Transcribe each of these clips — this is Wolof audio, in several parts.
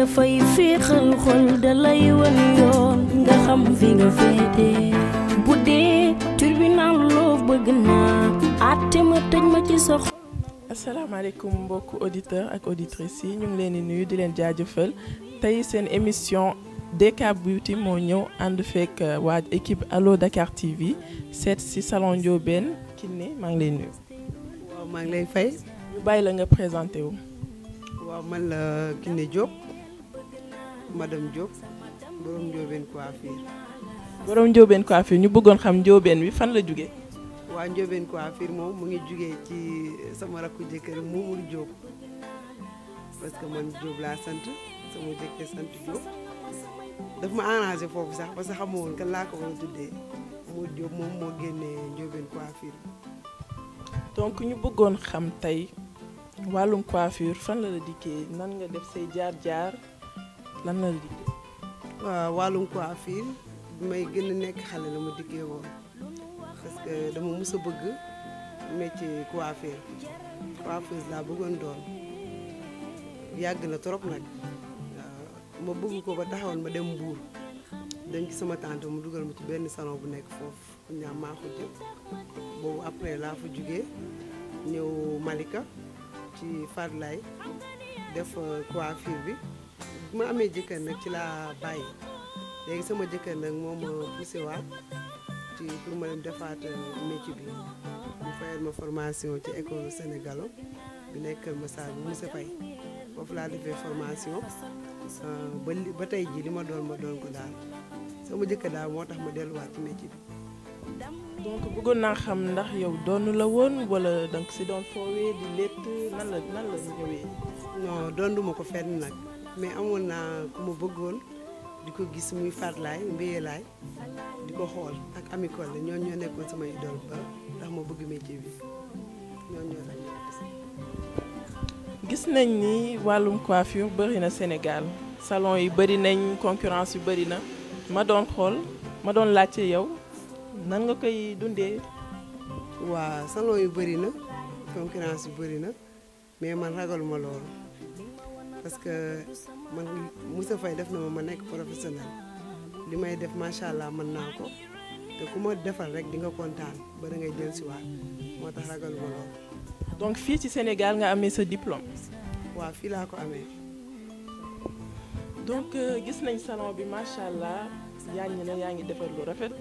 dafay féexal xol dalay wan yoon nga xam fi nga féete bu dee tribunal loo bëgg naa àtte ma tëj ma ci sa xol asalaamaaleykum mbokku auditeur ak auditrice yi ñu ngi leen di nuyu di leen jaajëfal tey seen émission DK Beauty moo ñëw ànd fekk euh, waa équipe Allo Dakar TV seet si salon Ndiobène Kiné maa ngi lay nuyu. waaw maa ngi lay fay. ñu bàyyi la nga présenté wu. waaw man la Kiné Diop madame Diop borom coiffure. borom Ndiobène coiffure ñu xam fan la coiffure ngi ci sama parce que man Diop sante sama sante ma sax parce que xamoon que ko tuddé mo coiffure. donc ñu bëggoon xam coiffure fan la la dikkee nan nga def say jaar-jaar. lan la dikkee. waaw wàllum coiffure bi may gën a nekk xale la ma dikkee woon parce dama mës bëgg métier coiffure coiffeuse laa bëggoon doon yàgg na trop nag ma bëgg ko ba taxawoon ma dem Mbour dañ ci sama tante mu dugal ma ci benn salon bu nekk foofu ñaa maa ko boobu après laa fa jugee ñëw Malika ci Fadlaye def coiffure bi. bi ma amee jëkkër nag ci laa bàyyi léegi sama jëkkër nag moom ma poussé waat ci pour ma dem defaat euh, bi mu fayal ma formation ci école sénégalo bi nekk Kër Massar bu Moussa Faye foofu laa defee formation euh, ba ba tey jii li ma doon ma doon ko daal sama jëkkër daal moo tax ma delluwaat ci métier bi. donc bëggoon naa xam ndax yow doonu la woon wala danga si doon foowee di létt nan la nan la ñëwee. non doonuma ko fenn nag. mais amoon naa ku ma bëggoon di ko gis muy Fatlaay Mbéyelaay di ko xool ak Ami Collé ñoo ñoo nekkoon samay idole ba ndax ma bëgg métier bi gis nañ ni wàllum coiffure bari na Sénégal salon yi bëri nañ concurrence yu bëri na ma doon xool ma doon laajte yow nan nga koy dundee. waa salon yu bëri na concurrence yu bëri na mais man ragal ma loolu. parce que man Moussa Faye def na ma ma nekk professionnel li may def macha allah mën naa ko te ku ma defal rek di nga kontaan ba da ngay jël si waat moo tax ragal ma lool. donc fii ci Sénégal nga amee sa diplôme. waaw fii laa ko amee. donc euh, gis nañ salon bi macha allah yaaññi na yaa ngi defar lu rafet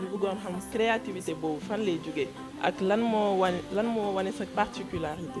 ñu bëggoon xam créativité boobu fan lay jóge ak lan moo wane lan moo wane sa particularité.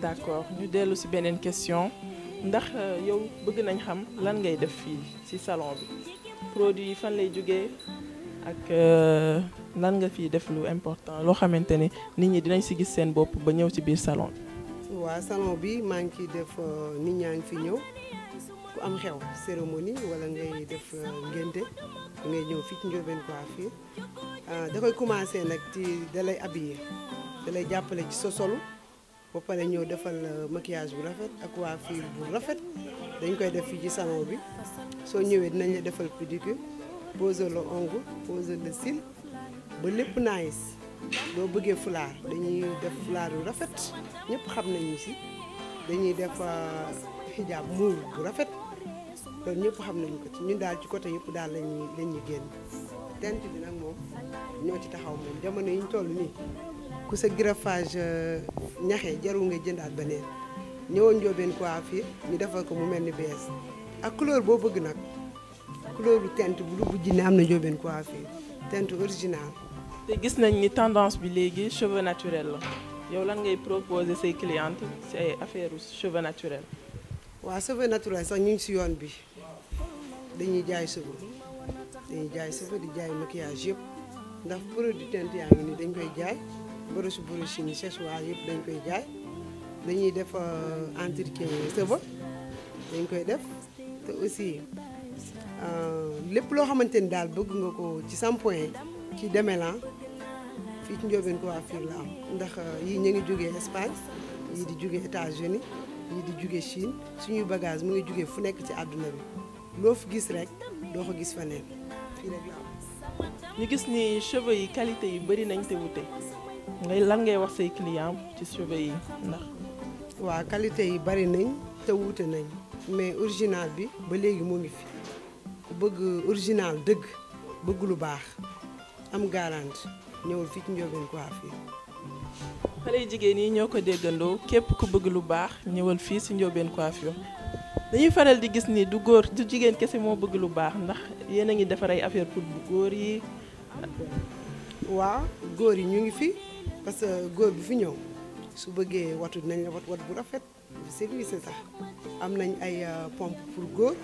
D'accord, nous ñu dellu une question ndax euh, yow bëgg nañ xam lan ngay def salon bi produit fan lay ak lan euh, nga def lu important nit ñi dinañ salon salon bi ngi def euh, nit fi ñëw am xew cérémonie wala ngay def ngay ñëw ah, ci da koy ci ba pare ñëw defal euh, maquillage bu rafet ak coiffure bu rafet dañ koy def fii ci salon bi soo ñëwee dinañ la defal pédicure poser le ongle poser le cil ba lépp nice boo bëggee fulaar dañuy def fulaar bu rafet ñëpp xam nañu si dañuy def xijaab euh, muur bu rafet loolu ñëpp xam nañu ko ci ñun daal ci côté yëpp daal lañuy lañ ñu génn tent bi nag moom ñoo ci taxaw moom jamono yi ñu toll nii ku sa greffage euh, ñaxe jarul nga jëndaat beneen ñëwoon Ndiobène Coiffure ñu defal ko mu mel ni bees ak couleur boo bëgg nag couleur bu tent bu lu bujj ne am na Ndiobène Coiffure tent original. te gis nañ ni tendance bi léegi cheveux naturel la yow lan ngay proposer say clientes ci ay affaire cheveux naturel. waaw cheveux naturel sax ñu ngi si yoon bi dañuy jaay cheveux dañuy jaay cheveux di jaay maquillage yëpp ndax produit teint yaa ngi ni dañ koy jaay. ont brosse ni séchoir dañ koy des dañuy def euh, entretien dañ koy def te aussi des euh, ont bëgg nga ko ci ci ah, ci la am ndax des euh, ngi Espagne di États-Unis di Vous Chine ont bagage mu ngi fu ci bi ont gis rek gis des Vous rek la am ñu gis cheveux yi qualité yi ont nañ ngay lan ngay wax say client ci cheveux yi ndax. waaw qualité yi bari nañ te wuute nañ mais original bi ba léegi moo ngi fi bëgg original dëgg bëgg lu baax am garantie ñëwul fii ci Ndiobène Coiffure. jigéen yi ñoo ko déggandoo képp ku bëgg lu baax ñëwal fii si Ndiobène Coiffure dañuy faral di gis nii du góor du jigéen kese moo bëgg lu baax ndax yéen a ngi defaree ay affaire pour bu góor yi. waaw góor yi ñu ngi fi. parce góor bi fi ñëw su bëggee watu nañ la wat wat bu rafet bu service sax am nañ ay euh, pompe pour góor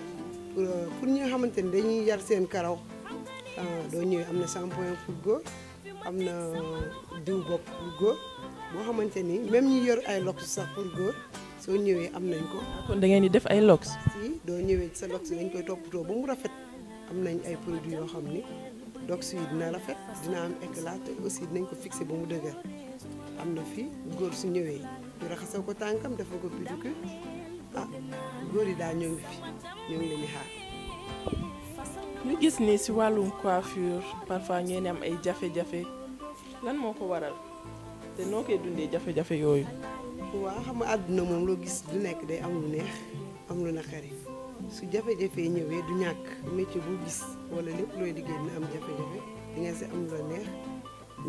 pour euh, pour ñi nga xamante ni dañuy yar seen karaw ah, doo ñëwee am na shampoing pour am na diw bopp pour xamante ni même ñi yor ay lox sax soo ñëwee am nañ ko. Ah, kon da ngeen di def ay lox. si doo ñëwee sa lox dañ koy toppatoo ba mu rafet am nañ ay produits yoo xam ni. donc suy dina rafet dina am éclat aussi dinañ ko fixé ba mu dëgër am na fi góor su ñëwee ñu raxasoo ko tankam dafa ko pédicure ah góor yi daal ñoo fi ñoo ngi leen di ñu gis ni si wàllum coiffure parfois ngeen am ay jafé jafé lan moko waral té noké dundé jafé jafé yoyu wa xam nga àdduna moom loo gis du nekk day am lu neex am lu na naqari su jafé-jafé ñëwé du ñàkk métier bu gis wala lépp looy liggéey dina am jafé-jafé di nga si am la neex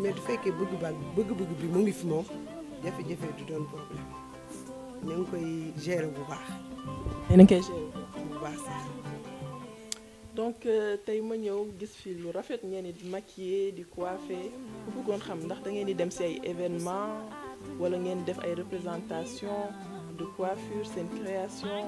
mais du fekkee bëgg baag bëgg-bëgg bi mu ngi fi moom jafé jafe du doon problème ñu ngi koy gérer bu baax. yéen koy gérer bu baax sax. donc euh, tey ma ñëw gis fi lu rafet ngeen di maquiller di coiffer bu bëggoon xam ndax da ngeen di dem si ay événements wala ngeen def ay représentation de coiffure seen création.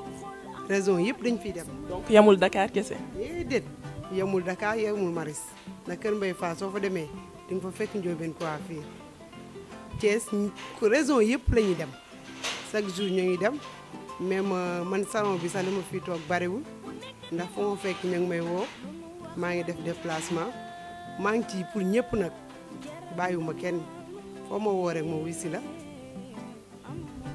raison yëpp dañ fiy dem. donc yamul dakaar kese. déedéet yamul Dakar yamul Maris na Kër Mbaye Fall soo fa demee di nga fa fekk Ndiobène Coiffure Thiès région yëpp la ñuy dem chaque jour ñu ngi dem mais ma euh, man salon bi sax li ma fiy toog bariwul ndax fu ma fekk ñu ngi may woo maa ngi def déplacement maa ngi ci pour ñëpp nag bàyyiwuma kenn foo ma woo rek ma wuy si la.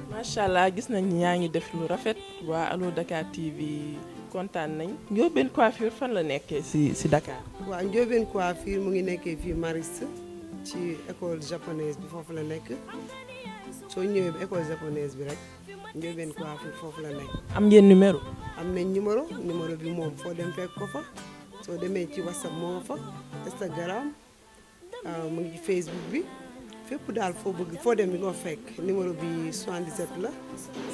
macha allah gis nañ yaa ngi def lu rafet. wa allo Dakar TV kontaan nañ Ndiobène Coiffure fan la nekkee ci ci Dakar. waaw Ndiobène Coiffure mu ngi nekkee fi Mariste ci école japonaise bi fofu la nekk So ñëwee école japonaise bi rek Coiffure fofu la nekk. am ngeen numéro. am nañ numéro numéro WhatsApp Instagram euh, mu ngi Facebook bi. fépp daal foo bëgg foo dem nga numéro bi 77 la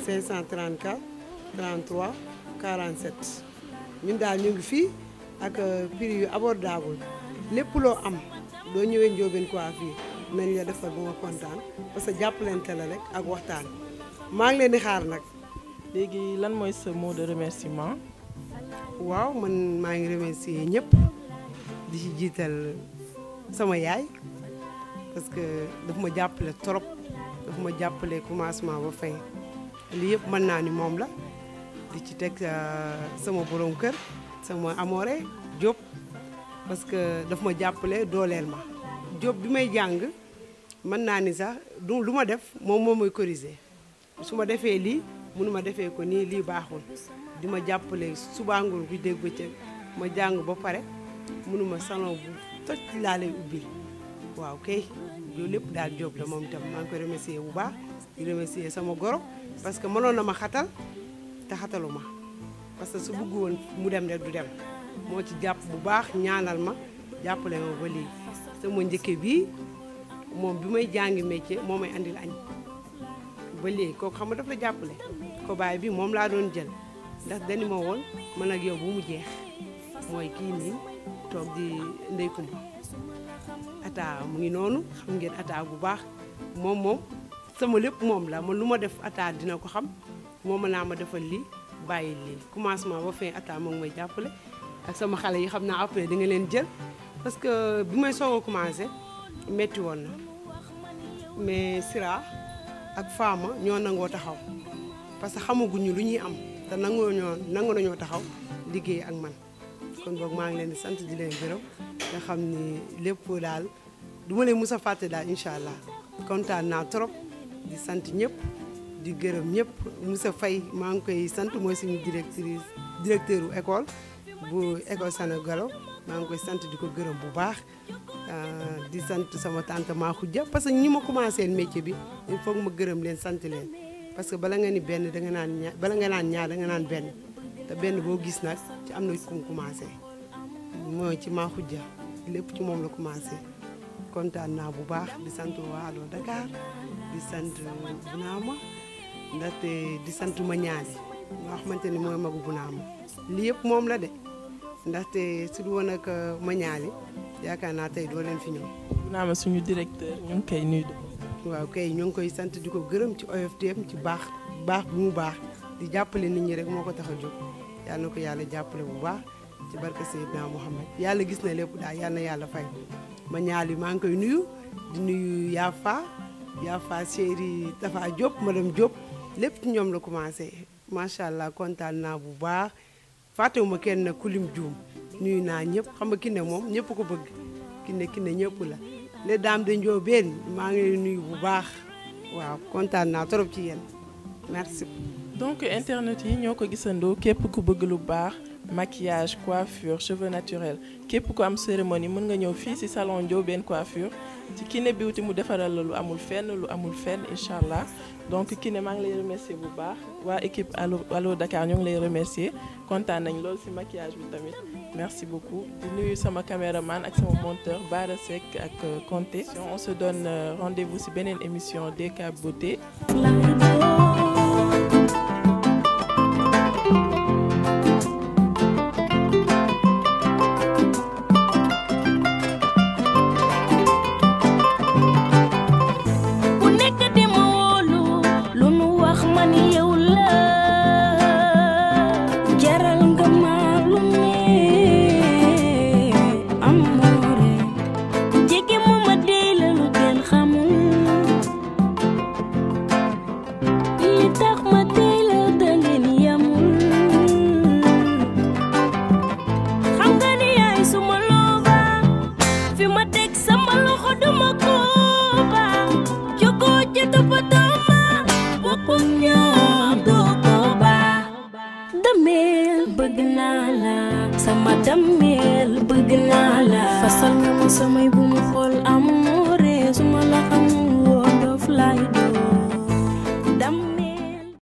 534 33 47 ñun daal ñu ngi fii ak euh, prix yu abordable lépp loo am doo ñëwee Ndiobène Coiffure nañ la defal ba nga kontaan parce que jàppalante la rek ak waxtaan maa ngi leen di xaar nag. léegi lan mooy ce mot de remerciement. waaw man maa ngi remercier ñëpp di ci jiital sama yaay parce que daf ma jàppale trop daf ma jàppale commencement ba fin lii yëpp mën naa ni moom la. di ci teg euh, sama borom kër sama amoore Diop parce que daf ma jàppale dooleel ma Diop bi may jàng mën naa ni sax du lu ma def moom moo may corriger su ma defee lii mënu defee ko nii lii baaxul di ma jàppale subaangoor gu dégg bëccëg ma jàng ba pare mënu ma salon bu toj laa ubbi waaw kay loolu lépp daal Diop la moom itam maa ngi koy remercier bu baax di remercier sama goro parce que mënoon xatal te xatalu parce que su bëgg woon mu dem rek du dem moo ci jàpp bu baax ñaanal ma jàppale ma ba léegi sama njëkke bii moom bi may jàngi métier moo may andil añ ba léegi kooku xam nga dafa la jàppale ko baay bi moom laa doon jël ndax dañu ma woon man ak yow bu mu jeex mooy kii nii toog di ndey kumba ata mu ngi noonu xam ngeen ata bu baax moom moom sama lépp moom la man lu ma def ata dina ko xam moo mën naa ma defal lii bàyyi lii commencement ba fin atta moom may jàppale ak sama xale yi xam naa après di nga leen jël parce que bi may soog a commencé métti woon na mais Sira ak Fama ñoo nangoo taxaw parce que xamaguñu lu ñuy am te nangoo ñoo nangu nañoo taxaw liggéey ak man kon boog maa ngi leen di sant di leen gërëm nga xam ni lépp daal du ma leen mus a fàtte daal incha allah kontaan naa trop di sant ñëpp. di gërëm ñëpp Moussa santu maa ngi koy sant mooy suñu directrice directeur école bu école Sénégalo maa ngi koy sant di ko gërëm bu baax euh, di sant sama tante Makhoudia parce que ñi ma commencé métier bi il faut ma gërëm leen sant leen parce que bala nga ni benn da nga naan ñaar bala nga naan ñaar da nga naan benn te benn boo gis nag ci am na ku mu commencé mooy ci lépp ci moom la commencé naa bu baax di sant waa Dakar di sant euh, ndaxte di sant ma ñaane nga xamante ni mooy magu bu naa ma lii yëpp moom la de ndaxte su du woon ak euh, ma yaakaar naa tey doo leen fi ñëw. bu naa suñu directeur ñu ngi koy nuyu. waaw kay ñu ngi koy sant di ko gërëm ci OFTM ci baax baax bu mu baax di jàppale nit ñi rek moo ko tax a jóg yàlla na ko yàlla jàppale bu baax ci barke xam Mouhamed yàlla gis na lépp daal yàlla na yàlla fay ma yi maa ngi koy nuyu di nuyu Yafa Yafa chéri Tafa Diop madame Diop lépp ñoom la commencé macha allah kontaan naa bu baax fàttewuma kenn nag kulim juum nuyu naa ñëpp xam nga Kiné moom ñëpp ko bëgg Kiné Kiné ñëpp la les dames de Ndiobène maa ngi lay nuyu bu baax waaw kontaan naa trop ci yéen merci. donc internet yi ñoo ko gisandoo képp ku bëgg lu baax. maquillage coiffure cheveux naturels képp pourquoi am cérémonie mon nga ñëw fii ci salon bien coiffure ci Kiné Beauty mu defaral l'eau lu amul fenn lu amul fenn incha allah donc Kiné maa ngi lay remercier bu baax waa équipe allo allo Dakar ñu ngi lay remercier kontaan à lool ci maquillage bi tamit merci beaucoup di nuyu sama caméraman ak sama monteur Bara Seck ak Conté euh, on se donne euh, rendez-vous ci une émission DK Beauté dammeel bëgg naa la fasal nga ma samay bu mu xool am